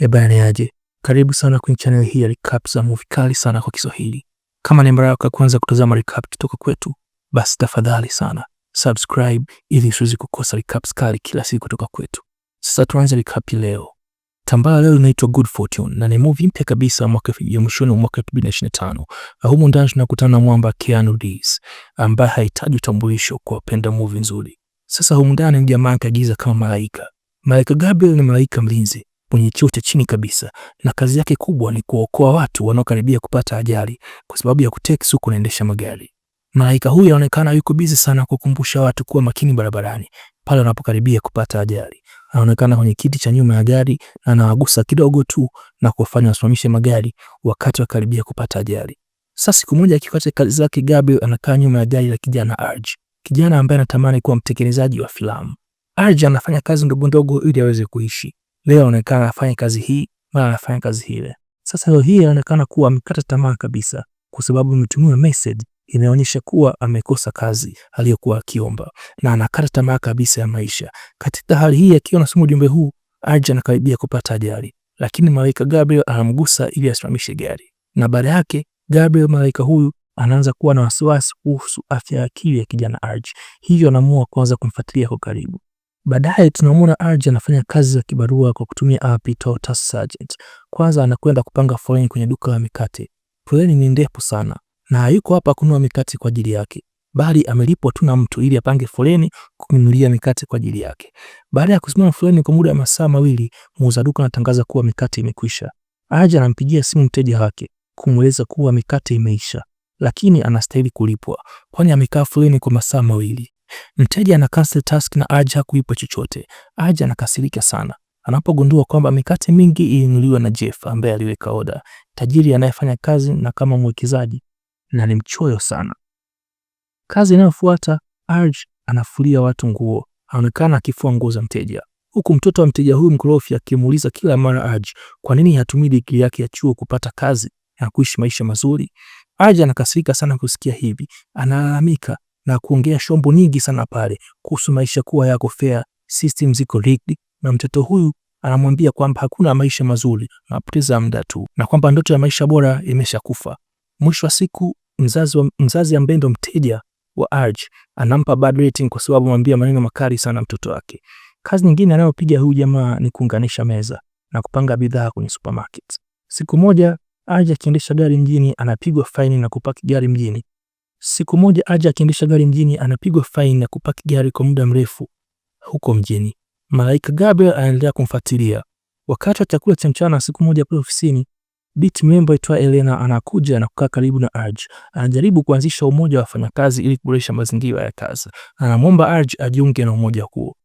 E bana karibu sana kwenye channel hii ya recap za movie kali sana kwa Kiswahili. Kama ni mara yako ya kwanza kutazama recap kutoka kwetu, basi tafadhali sana subscribe ili usiweze kukosa recaps kali kila siku kutoka kwetu. Sasa tuanze recap leo. Tambaa leo linaitwa Good Fortune na ni movie mpya kabisa mwaka ya mwishoni wa mwaka 2025. Humo ndani tunakutana na mwamba Keanu Reeves ambaye hahitaji utambulisho kwa wapenda movie nzuri. Sasa humo ndani ni jamaa kaagiza kama malaika. Malaika Gabriel ni malaika mlinzi mwenye cheo cha chini kabisa, na kazi yake kubwa ni kuokoa watu wanaokaribia kupata ajali kwa sababu ya kuteki suku naendesha magari. Malaika huyu anaonekana yuko bizi sana kukumbusha watu kuwa makini barabarani pale wanapokaribia kupata ajali. Anaonekana kwenye kiti cha nyuma ya gari na anawagusa kidogo tu na kuwafanya wasimamishe magari wakati wakaribia kupata ajali. Sasa siku moja akiwa katika kazi zake, Gabriel anakaa nyuma ya gari la kijana Arj, kijana ambaye anatamani kuwa mtekelezaji wa filamu. Arj anafanya kazi ndogo ndogo ili aweze kuishi leo anaonekana afanye kazi hii, mara anafanya kazi hile. Sasa leo hii anaonekana kuwa amekata tamaa kabisa, kwa sababu ametumiwa message inaonyesha kuwa amekosa kazi aliyokuwa akiomba na anakata tamaa kabisa ya maisha. Katika hali hii, akiwa anasoma ujumbe huu, Arja anakaribia kupata ajali, lakini malaika Gabriel anamgusa ili asimamishe gari, na baada yake Gabriel malaika huyu anaanza kuwa na wasiwasi kuhusu afya ya akili ya kijana Arj, hivyo anaamua kuanza kumfuatilia kwa karibu. Baadaye tunamwona RJ anafanya kazi za kibarua kwa, kutumia app Tota Sergeant. Kwanza anakwenda kupanga foleni kwenye duka la mikate. Foleni ni ndefu sana na hayuko hapa kununua mikate kwa ajili yake, bali amelipwa tu na mtu ili apange foleni kununulia mikate kwa ajili yake. Baada ya kusimama foleni kwa muda wa masaa mawili, muuza duka anatangaza kuwa mikate imekwisha. RJ anampigia simu mteja wake kumweleza kuwa mikate imeisha, lakini anastahili kulipwa kwani amekaa foleni kwa masaa mawili. Mteja ana cancel task na Haja hakuipa chochote. Haja anakasirika sana anapogundua kwamba mikate mingi ilinunuliwa na Jeff ambaye aliweka oda, tajiri anayefanya kazi na kama mwekezaji na ni mchoyo sana. Kazi inayofuata Arj anafulia watu nguo, anaonekana akifua nguo za mteja, huku mtoto wa mteja huyu mkorofi akimuuliza kila mara Arj kwa nini hatumii digrii yake ya chuo kupata kazi na kuishi maisha mazuri. Arj anakasirika sana kusikia hivi, analalamika na kuongea shombo nyingi sana pale kuhusu maisha kuwa yako fair, system ziko rigged, na mtoto huyu anamwambia kwamba hakuna maisha mazuri, anapoteza muda tu, na kwamba ndoto ya maisha bora imeshakufa. Mwisho wa siku mzazi, wa, mzazi ambaye ndo mteja wa Arj anampa bad rating kwa sababu anamwambia maneno makali sana mtoto wake. Kazi nyingine anayopiga huyu jamaa ni kuunganisha meza na kupanga bidhaa kwenye supermarket. Siku moja Arj akiendesha gari mjini, anapigwa faini na kupaki gari mjini Siku moja aje akiendesha gari mjini, anapigwa faini na kupaki gari kwa muda mrefu huko mjini. Malaika Gabriel anaendelea kumfuatilia. Wakati wa chakula cha mchana siku moja pale ofisini, binti member aitwa Elena anakuja na kukaa karibu na Arj. Anajaribu kuanzisha umoja wa wafanyakazi ili kuboresha mazingira ya kazi. Anamwomba Arj ajiunge na umoja huo,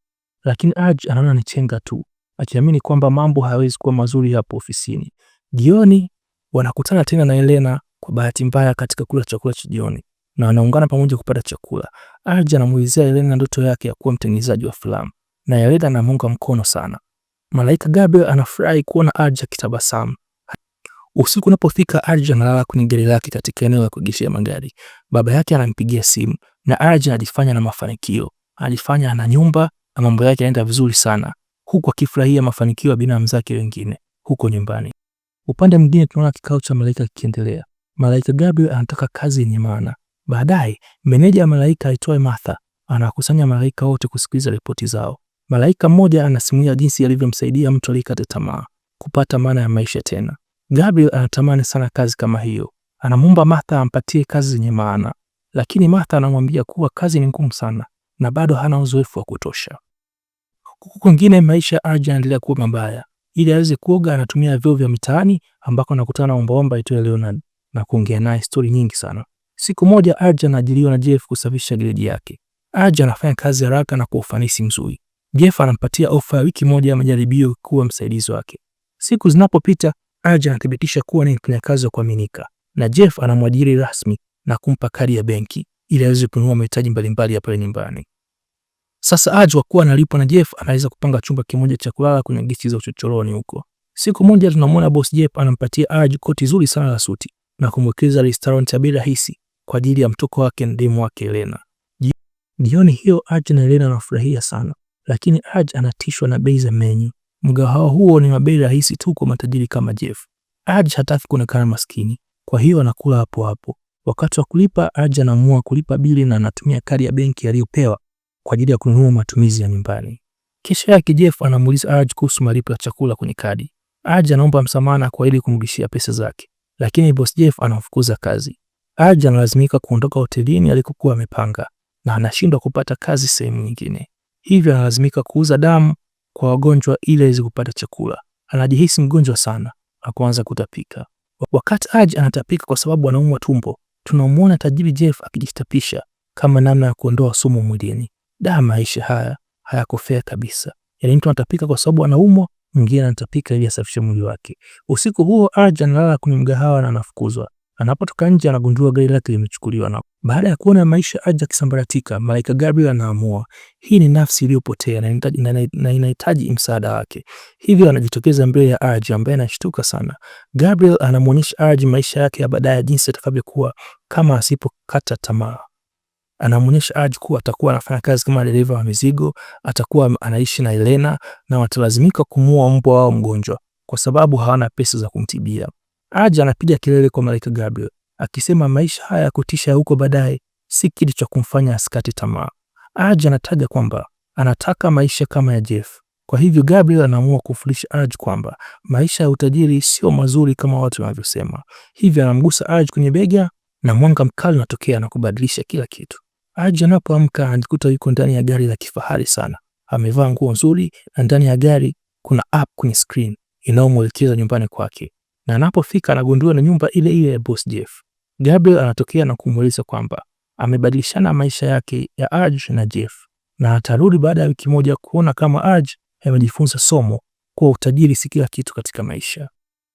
lakini Arj anaona ni chenga tu, akiamini kwamba mambo hayawezi kuwa mazuri hapo ofisini. Jioni wanakutana tena na Elena kwa bahati mbaya katika kula chakula cha jioni na wanaungana pamoja kupata chakula. Arja anamuulizia Elena ndoto yake ya kuwa mtengenezaji wa filamu na Elena anamuunga mkono sana. Malaika Gabriel anafurahi kuona Arja kitabasamu. Usiku unapofika, Arja analala kwenye gari lake katika eneo la kuegeshea magari. Baba yake anampigia simu na Arja anajifanya na mafanikio, anajifanya ana nyumba na mambo yake yanaenda vizuri sana, huku akifurahia mafanikio ya binamu zake wengine huko nyumbani. Upande mwingine, tunaona kikao cha malaika kikiendelea. Malaika Gabriel anataka kazi yenye maana, Baadaye meneja wa malaika aitwaye Martha anakusanya malaika wote kusikiliza ripoti zao. Malaika mmoja anasimulia jinsi alivyomsaidia mtu aliyekata tamaa kupata maana ya maisha tena. Gabriel anatamani sana kazi kama hiyo, anamuomba Martha ampatie kazi zenye maana, lakini Martha anamwambia kuwa kazi ni ngumu sana na bado hana uzoefu wa kutosha. Huku kwingine maisha ya Arja yanaendelea kuwa mabaya. Ili aweze kuoga, anatumia vyoo vya mitaani ambako anakutana na ombaomba aitwaye Leonard na kuongea naye stori nyingi sana. Siku moja Arja anaajiriwa na Jeff kusafisha gereji yake. Arja anafanya kazi haraka na kwa ufanisi mzuri. Jeff anampatia ofa ya wiki moja ya majaribio kuwa msaidizi wake. Siku zinapopita, Arja anathibitisha kuwa ni mfanyakazi wa kuaminika na Jeff anamwajiri rasmi na kumpa kadi ya benki ili aweze kununua mahitaji mbalimbali ya pale nyumbani. Sasa Arja kwa kuwa analipwa na Jeff anaweza kupanga chumba kimoja cha kulala kwenye gesti za uchochoroni huko. Siku moja tunamwona boss Jeff anampatia Arja koti zuri sana la suti na kumwekeza restaurant ya bei rahisi kwa ajili ya mtoko wake ndimu wake Elena. Jioni hiyo Aj na Elena wanafurahia sana, lakini Aj anatishwa na bei za menyu. Mgahawa huo ni mabei rahisi tu kwa matajiri kama Jeff. Aj hataki kuonekana maskini, kwa hiyo anakula hapo hapo. Wakati wa kulipa, Aj anaamua kulipa bili na anatumia kadi ya benki aliyopewa kwa ajili ya kununua matumizi ya nyumbani. Kesho yake Jeff anamuuliza Aj kuhusu malipo ya chakula kwenye kadi. Aj anaomba msamaha kwa ili kumrudishia pesa zake, lakini boss Jeff anamfukuza kazi. Haji analazimika kuondoka hotelini alikokuwa amepanga na anashindwa kupata kazi sehemu nyingine, hivyo analazimika kuuza damu kwa wagonjwa ili aweze kupata chakula. Anajihisi mgonjwa sana na kuanza kutapika. Wakati Haji anatapika kwa sababu anaumwa tumbo, tunamwona tajiri Jeff akijitapisha kama namna ya kuondoa sumu mwilini. Da, maisha haya hayakofea kabisa. Yaani mtu anatapika kwa sababu anaumwa, mwingine anatapika ili asafishe mwili wake. Usiku huo Haji analala kwenye mgahawa na anafukuzwa. Anapotoka nje anagundua gari lake limechukuliwa na baada ya kuona maisha aje kisambaratika, malaika Gabriel anaamua hii ni nafsi iliyopotea na inahitaji msaada wake. Hivyo anajitokeza mbele ya Arj ambaye anashtuka sana. Gabriel anamwonyesha Arj maisha yake ya baadaye, jinsi atakavyokuwa kama asipokata tamaa. Anamwonyesha Arj kuwa atakuwa anafanya kazi kama dereva wa mizigo, atakuwa anaishi na Elena na watalazimika kumua mbwa wao mgonjwa kwa sababu hawana pesa za kumtibia. Aja anapiga kelele kwa Malaika Gabriel akisema maisha haya ya kutisha huko baadaye si kitu cha kumfanya asikate tamaa. Aja anataja kwamba anataka maisha kama ya Jeff. Kwa hivyo Gabriel anaamua kufundisha Aj kwamba maisha ya utajiri sio mazuri kama watu wanavyosema. Hivyo anamgusa Aj kwenye bega na mwanga mkali unatokea na kubadilisha kila kitu. Aj anapoamka anajikuta yuko ndani ya gari la kifahari sana. Amevaa nguo nzuri na ndani ya gari kuna app kwenye screen inayomwelekeza nyumbani kwake na anapofika anagundua na nyumba ile ile ya boss Jeff. Gabriel anatokea na kumuuliza kwamba amebadilishana maisha yake ya Arj na Jeff na atarudi baada ya wiki moja kuona kama Arj amejifunza somo kuwa utajiri si kila kitu katika maisha.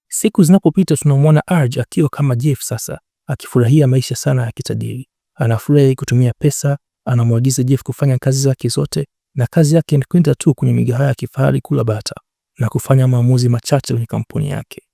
Siku zinapopita tunamwona Arj akiwa kama Jeff sasa, akifurahia maisha sana ya kitajiri. Anafurahi kutumia pesa, anamwagiza Jeff kufanya kazi zake zote, na kazi yake ni kwenda tu kwenye migahawa ya kifahari kula bata na kufanya maamuzi machache kwenye kampuni yake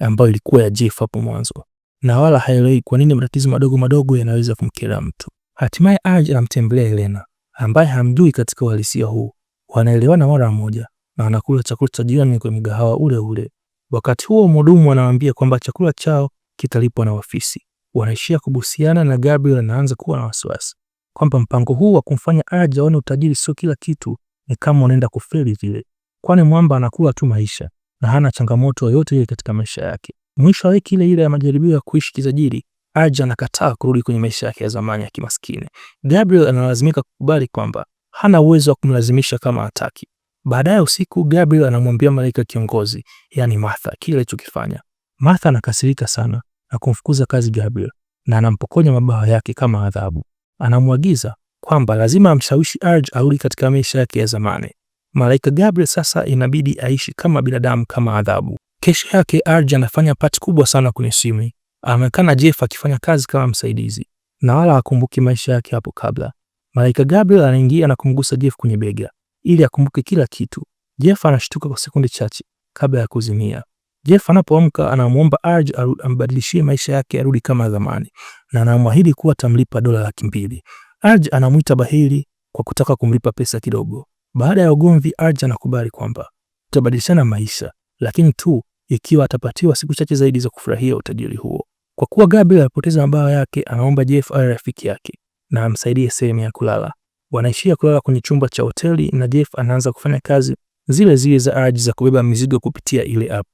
ambayo ilikuwa ya Jeff hapo mwanzo, na wala haelewi kwa nini matatizo madogo madogo yanaweza kumkera mtu. Hatimaye Aj anamtembelea Elena ambaye hamjui katika uhalisia huu. Wanaelewana mara moja na wanakula chakula cha jioni kwenye mgahawa ule ule. Wakati huo mhudumu anawaambia kwamba chakula chao kitalipwa na ofisi. Wanaishia kubusiana na Gabriel anaanza kuwa na wasiwasi kwamba mpango huu wa kumfanya Aj aone utajiri sio kila kitu ni kama unaenda kufeli vile, kwani mwamba anakula tu maisha na hana changamoto yoyote ile katika maisha yake. Mwisho wa wiki ile ile ya majaribio ya kuishi kijajiri, Haji anakataa kurudi kwenye maisha yake ya zamani ya kimaskini. Gabriel analazimika kukubali kwamba hana uwezo wa kumlazimisha kama hataki. Baadaye usiku, Gabriel anamwambia malaika kiongozi, yani Martha, kile alichokifanya. Martha anakasirika sana na kumfukuza kazi Gabriel na anampokonya mabawa yake kama adhabu. Anamwagiza kwamba lazima amshawishi Arj arudi katika maisha yake ya zamani. Malaika Gabriel sasa inabidi aishi kama binadamu kama adhabu. Kesho yake Arja anafanya pati kubwa sana kwenye simu. Anaonekana Jeff akifanya kazi kama msaidizi na wala hakumbuki maisha yake hapo kabla. Malaika Gabriel anaingia na kumgusa Jeff kwenye bega ili akumbuke kila kitu. Jeff anashtuka kwa sekunde chache kabla ya kuzimia. Jeff anapoamka anamwomba Arj ambadilishie maisha yake arudi kama zamani na anamwahidi kuwa atamlipa dola laki mbili. Arj anamwita bahili kwa kutaka kumlipa pesa kidogo. Baada ya ugomvi, arj anakubali kwamba tutabadilishana maisha, lakini tu ikiwa atapatiwa siku chache zaidi za kufurahia utajiri huo. Kwa kuwa Gabriel alipoteza mabawa yake, anaomba Jeff awe rafiki yake na amsaidie sehemu ya kulala. Wanaishia kulala kwenye chumba cha hoteli na Jeff anaanza kufanya kazi zile zile za Arj za kubeba mizigo kupitia ile app.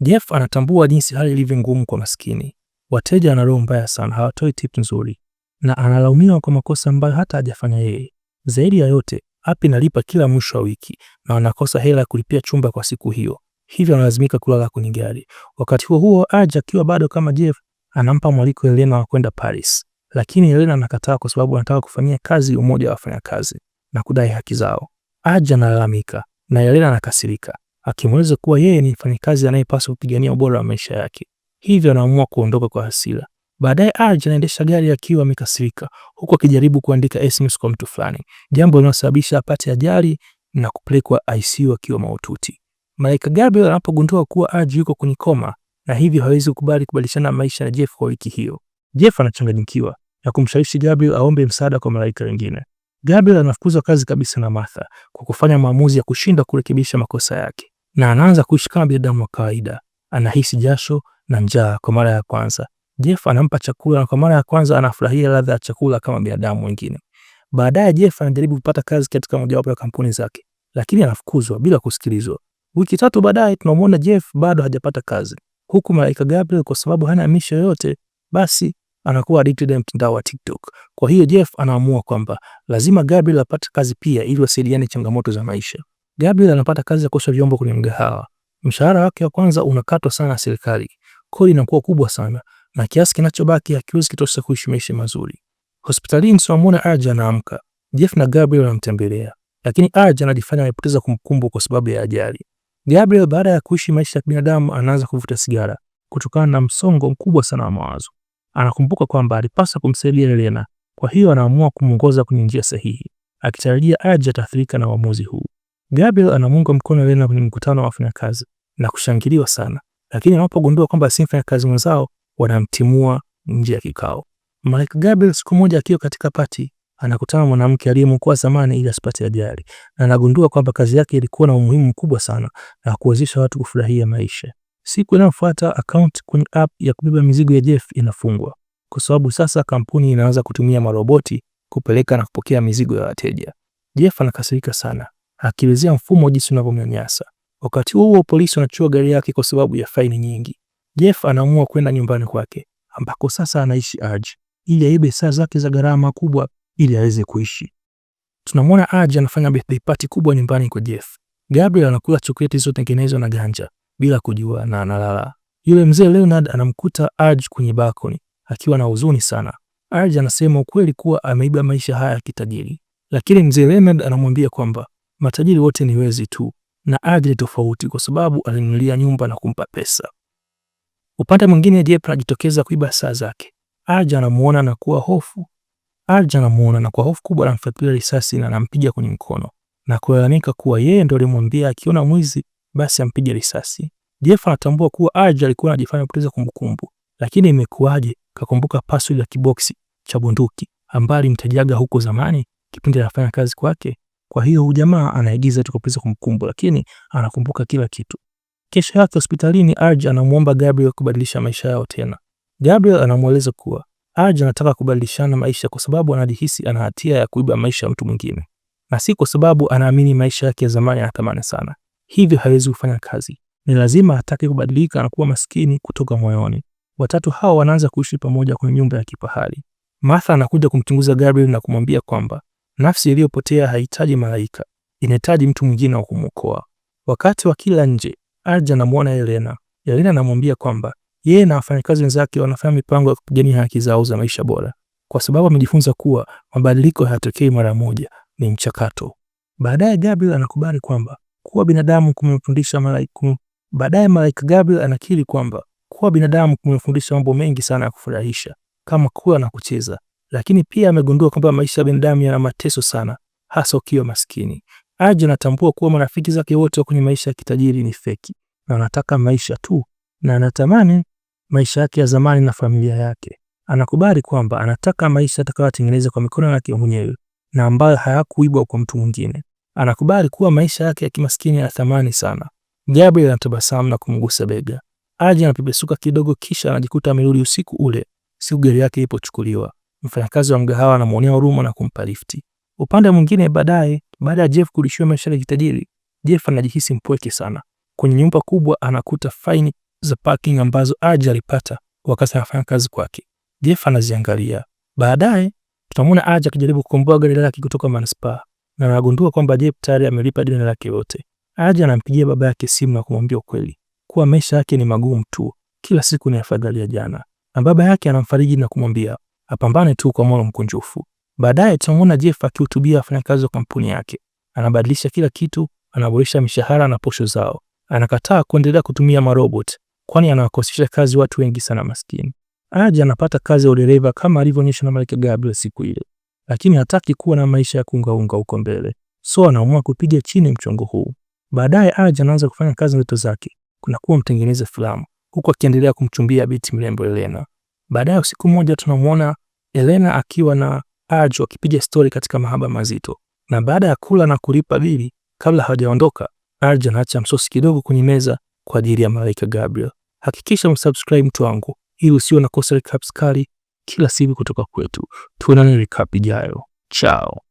Jeff anatambua jinsi hali ilivyo ngumu kwa maskini. Wateja wana roho mbaya sana, hawatoi tip nzuri na analaumiwa kwa makosa ambayo hata hajafanya yeye. Zaidi ya yote, App nalipa kila mwisho wa wiki na wanakosa hela ya kulipia chumba kwa siku hiyo, hivyo analazimika kulala kwenye gari. Wakati huo huo, Aj akiwa bado kama Jeff anampa mwaliko Elena wa kwenda Paris, lakini Elena anakataa kwa sababu anataka kufanyia kazi umoja wa wafanyakazi na kudai haki zao. Aj analalamika na Elena anakasirika akimweleza kuwa yeye ni mfanyakazi anayepaswa kupigania ubora wa maisha yake, hivyo anaamua kuondoka kwa hasira. Baadaye Arj anaendesha gari akiwa amekasirika huku akijaribu kuandika SMS kwa mtu fulani, jambo linalosababisha apate ajali na kupelekwa ICU akiwa mahututi. Malaika Gabriel anapogundua kuwa Arj yuko kwenye koma na hivyo hawezi kukubali kubadilishana maisha na Jeff kwa wiki hiyo. Jeff anachanganyikiwa na kumshawishi Gabriel aombe msaada kwa malaika wengine. Gabriel anafukuzwa kazi kabisa na Martha kwa kufanya maamuzi ya kushindwa kurekebisha makosa yake na anaanza kuishi kama binadamu wa kawaida. Anahisi jasho na njaa kwa mara ya kwanza Jeff anampa chakula na kwa mara ya kwanza anafurahia ladha ya chakula kama binadamu wengine. Baadaye Jeff anajaribu kupata kazi katika mojawapo ya kampuni zake, lakini anafukuzwa bila kusikilizwa. Wiki tatu baadaye tunamwona Jeff bado hajapata kazi, huku malaika Gabriel kwa sababu hana misho yoyote, basi anakuwa addicted na mtandao wa TikTok. Kwa hiyo Jeff anaamua kwamba lazima Gabriel apate kazi pia ili wasaidiane changamoto za maisha. Gabriel anapata kazi ya kuosha vyombo kwenye mgahawa. Mshahara wake wa kwanza unakatwa sana na serikali, kodi inakuwa kubwa sana, na kiasi kinachobaki hakiwezi kitosha kuishi maisha mazuri. Hospitalini tunamwona Arja anaamka. Jeff na Gabriel wanamtembelea, lakini Arja anajifanya amepoteza kumbukumbu kwa sababu ya ajali. Gabriel baada ya kuishi maisha ya binadamu anaanza kuvuta sigara kutokana na msongo mkubwa sana wa mawazo. Anakumbuka kwamba alipaswa kumsaidia Elena, kwa hiyo anaamua kumwongoza kwenye njia sahihi, akitarajia Arja ataathirika na uamuzi huu. Gabriel anamuunga mkono Elena kwenye mkutano wa wafanyakazi na kushangiliwa sana, lakini anapogundua kwamba si mfanyakazi mwenzao wanamtimua nje ya kikao. Malik Gabriel siku moja akiwa katika pati anakutana mwanamke aliyemwokoa zamani ili asipate ajali, na anagundua kwamba kazi yake ilikuwa na umuhimu mkubwa sana na kuwezesha watu kufurahia maisha. Siku inayofuata akaunti kwenye app ya kubeba mizigo ya Jeff inafungwa kwa sababu sasa kampuni inaanza kutumia maroboti kupeleka na kupokea mizigo ya wateja. Jeff anakasirika sana, akielezea mfumo jinsi unavyomnyanyasa. Wakati huo huo, polisi wanachukua gari yake kwa sababu ya faini nyingi. Jeff anaamua kwenda nyumbani kwake ambako sasa anaishi Aj ili aibe saa zake za gharama kubwa ili aweze kuishi. Tunamwona Aj anafanya birthday party kubwa nyumbani kwa Jeff. Gabriel anakula chokoleti zilizotengenezwa na ganja bila kujua na analala. Yule mzee Leonard anamkuta Aj kwenye balcony akiwa na huzuni sana. Aj anasema ukweli kuwa ameiba maisha haya ya kitajiri, lakini mzee Leonard anamwambia kwamba matajiri wote ni wezi tu na Aj tofauti kwa sababu alinunulia nyumba na kumpa pesa. Upande mwingine Diep anajitokeza kuiba saa zake. Arja anamuona na kuwa hofu. Arja anamuona na kwa hofu kubwa anamfyatulia risasi na anampiga kwenye mkono na kulalamika kuwa yeye ndio alimwambia akiona mwizi basi ampige risasi. Jeff anatambua kuwa Arja alikuwa anajifanya kupoteza kumbukumbu, lakini imekuwaje kakumbuka password ya kiboksi cha bunduki ambayo alimtajaga huko zamani kipindi anafanya kazi kwake? Kwa hiyo huyu jamaa anaigiza tu kupoteza kumbukumbu, lakini anakumbuka kila kitu. Kesho yake hospitalini, arje anamwomba Gabriel kubadilisha maisha yao tena. Gabriel anamweleza kuwa arje anataka kubadilishana maisha kwa sababu anajihisi ana hatia ya kuiba maisha ya mtu mwingine, na si kwa sababu anaamini maisha yake ya zamani thamani sana, hivyo hawezi kufanya kazi. Ni lazima atake kubadilika na kuwa maskini kutoka moyoni. Watatu hao wanaanza kuishi pamoja kwenye nyumba ya kifahari. Martha anakuja kumchunguza Gabriel na kumwambia kwamba nafsi iliyopotea haihitaji malaika, inahitaji mtu mwingine wa kumwokoa. Wakati wa kila nje, aja anamwona Elena. Elena anamwambia kwamba yeye na wafanyakazi wenzake wanafanya mipango ya kupigania haki zao za maisha bora, kwa sababu amejifunza kuwa mabadiliko hayatokei mara moja, ni mchakato. Baadaye Gabriel anakubali kwamba kuwa binadamu kumemfundisha malaika. Baadaye malaika Gabriel anakiri kwamba kuwa binadamu kumemfundisha mambo mengi sana ya kufurahisha kama kula na kucheza, lakini pia amegundua kwamba maisha ya binadamu yana mateso sana, hasa ukiwa maskini. Haji anatambua kuwa marafiki zake wote kwenye maisha ya kitajiri ni feki na anataka maisha tu, na anatamani maisha yake ya zamani na familia yake. Anakubali kwamba anataka maisha atakayotengeneza kwa mikono yake mwenyewe na ambayo hayakuibwa kwa mtu mwingine. Anakubali kuwa maisha yake ya kimaskini yana thamani sana. Gabriel anatabasamu na kumgusa bega. Haji anapepesuka kidogo, kisha anajikuta amerudi usiku ule siku gari yake ilipochukuliwa. Mfanyakazi wa mgahawa anamwonea huruma na kumpa lifti. Upande mwingine baadaye baada ya Jeff kulishiwa maisha ya kitajiri, Jeff anajihisi mpweke sana. Kwenye nyumba kubwa anakuta faini za parking ambazo Aja alipata wakati anafanya kazi kwake. Jeff anaziangalia. Baadaye tutamwona Aja akijaribu kukomboa gari lake kutoka manispaa na anagundua kwamba Jeff tayari amelipa deni lake lote. Aja anampigia baba yake simu na kumwambia ukweli kuwa maisha yake ni magumu tu, kila siku ni afadhali ya jana, na baba yake anamfariji na kumwambia apambane tu kwa moyo mkunjufu. Baadaye tunamuona Jeff akihutubia wafanyakazi wa kampuni yake, anabadilisha kila kitu, anaboresha mishahara na posho zao, anakataa kuendelea kutumia marobot, kwani anawakosesha kazi watu wengi sana maskini. Aje anapata kazi ya udereva kama alivyoonyeshwa na Mike Gabriel siku ile, lakini hataki kuwa na maisha ya kungaunga huko mbele, so anaamua kupiga chini mchongo huu. Baadaye Aje anaanza kufanya kazi ndoto zake, kuna kuwa mtengeneza filamu, huku akiendelea kumchumbia binti mrembo Elena. Baadaye usiku mmoja tunamwona Elena akiwa na Haji wakipiga stori katika mahaba mazito, na baada ya kula na kulipa bili, kabla hawajaondoka, Haji anaacha msosi kidogo kwenye meza kwa ajili ya malaika Gabriel. Hakikisha msubscribe mtu wangu ili usiwe na kosa recaps kali kila siku kutoka kwetu. Tuonane recap ijayo. Chao.